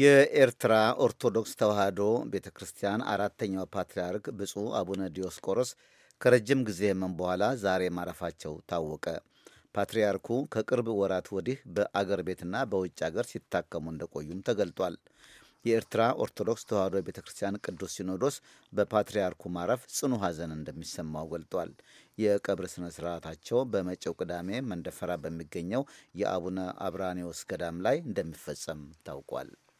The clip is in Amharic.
የኤርትራ ኦርቶዶክስ ተዋህዶ ቤተ ክርስቲያን አራተኛው ፓትርያርክ ብፁዕ አቡነ ዲዮስቆሮስ ከረጅም ጊዜ ሕመም በኋላ ዛሬ ማረፋቸው ታወቀ። ፓትርያርኩ ከቅርብ ወራት ወዲህ በአገር ቤትና በውጭ አገር ሲታከሙ እንደቆዩም ተገልጧል። የኤርትራ ኦርቶዶክስ ተዋሕዶ ቤተ ክርስቲያን ቅዱስ ሲኖዶስ በፓትርያርኩ ማረፍ ጽኑ ሐዘን እንደሚሰማው ገልጧል። የቀብር ስነ ስርዓታቸው በመጪው ቅዳሜ መንደፈራ በሚገኘው የአቡነ አብራኔዎስ ገዳም ላይ እንደሚፈጸም ታውቋል።